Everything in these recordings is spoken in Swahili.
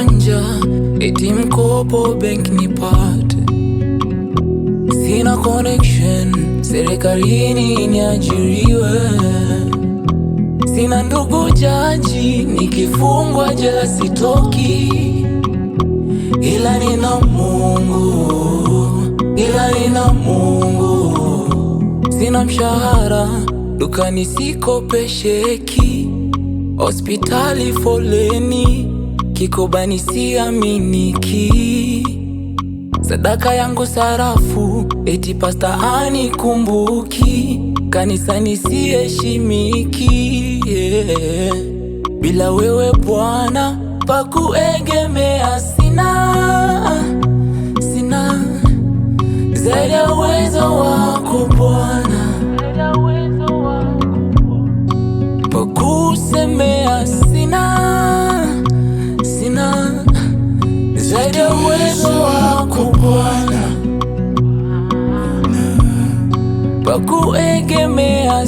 wanja, eti mkopo bank nipate. Sina connection serikalini niajiriwe. Sina ndugu jaji, nikifungwa jela sitoki, ila nina Mungu, ila nina Mungu. Sina mshahara, dukani siko pesheki, hospitali foleni kikobani siaminiki, sadaka yangu sarafu, eti pasta kumbuki kanisani siheshimiki, yeah. Bila wewe Bwana pakuegemea kwa kuegemea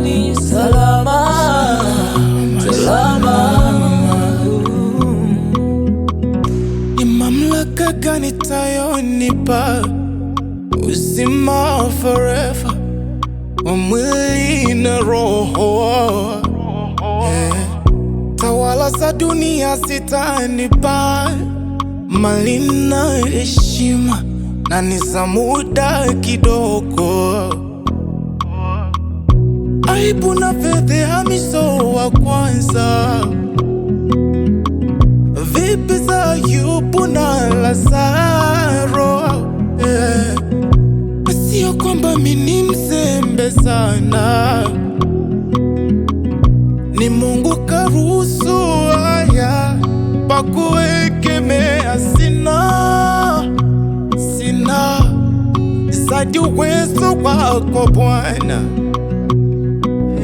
nyumbani salama, salama. Ni mamlaka gani tayonipa uzima forever wa mwili na roho Tawala za dunia zitanipa mali na heshima na ni za muda kidogo aibu na fedhehamisho wa kwanza vipi za Ayubu na Lazaro eh. Sio kwamba mimi mzembe sana, ni Mungu karuhusu haya pakuekemea. Sina sina zadi uwezo wako Bwana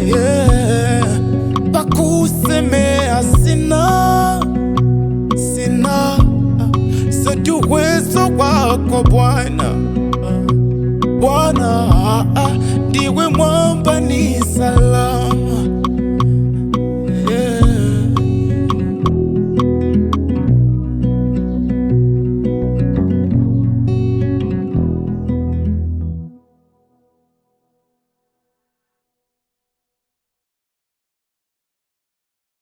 yeah. Pakusemea sina, sina zaidi uwezo wako Bwana, Bwana ah, ah. ndiwe mwamba ni salama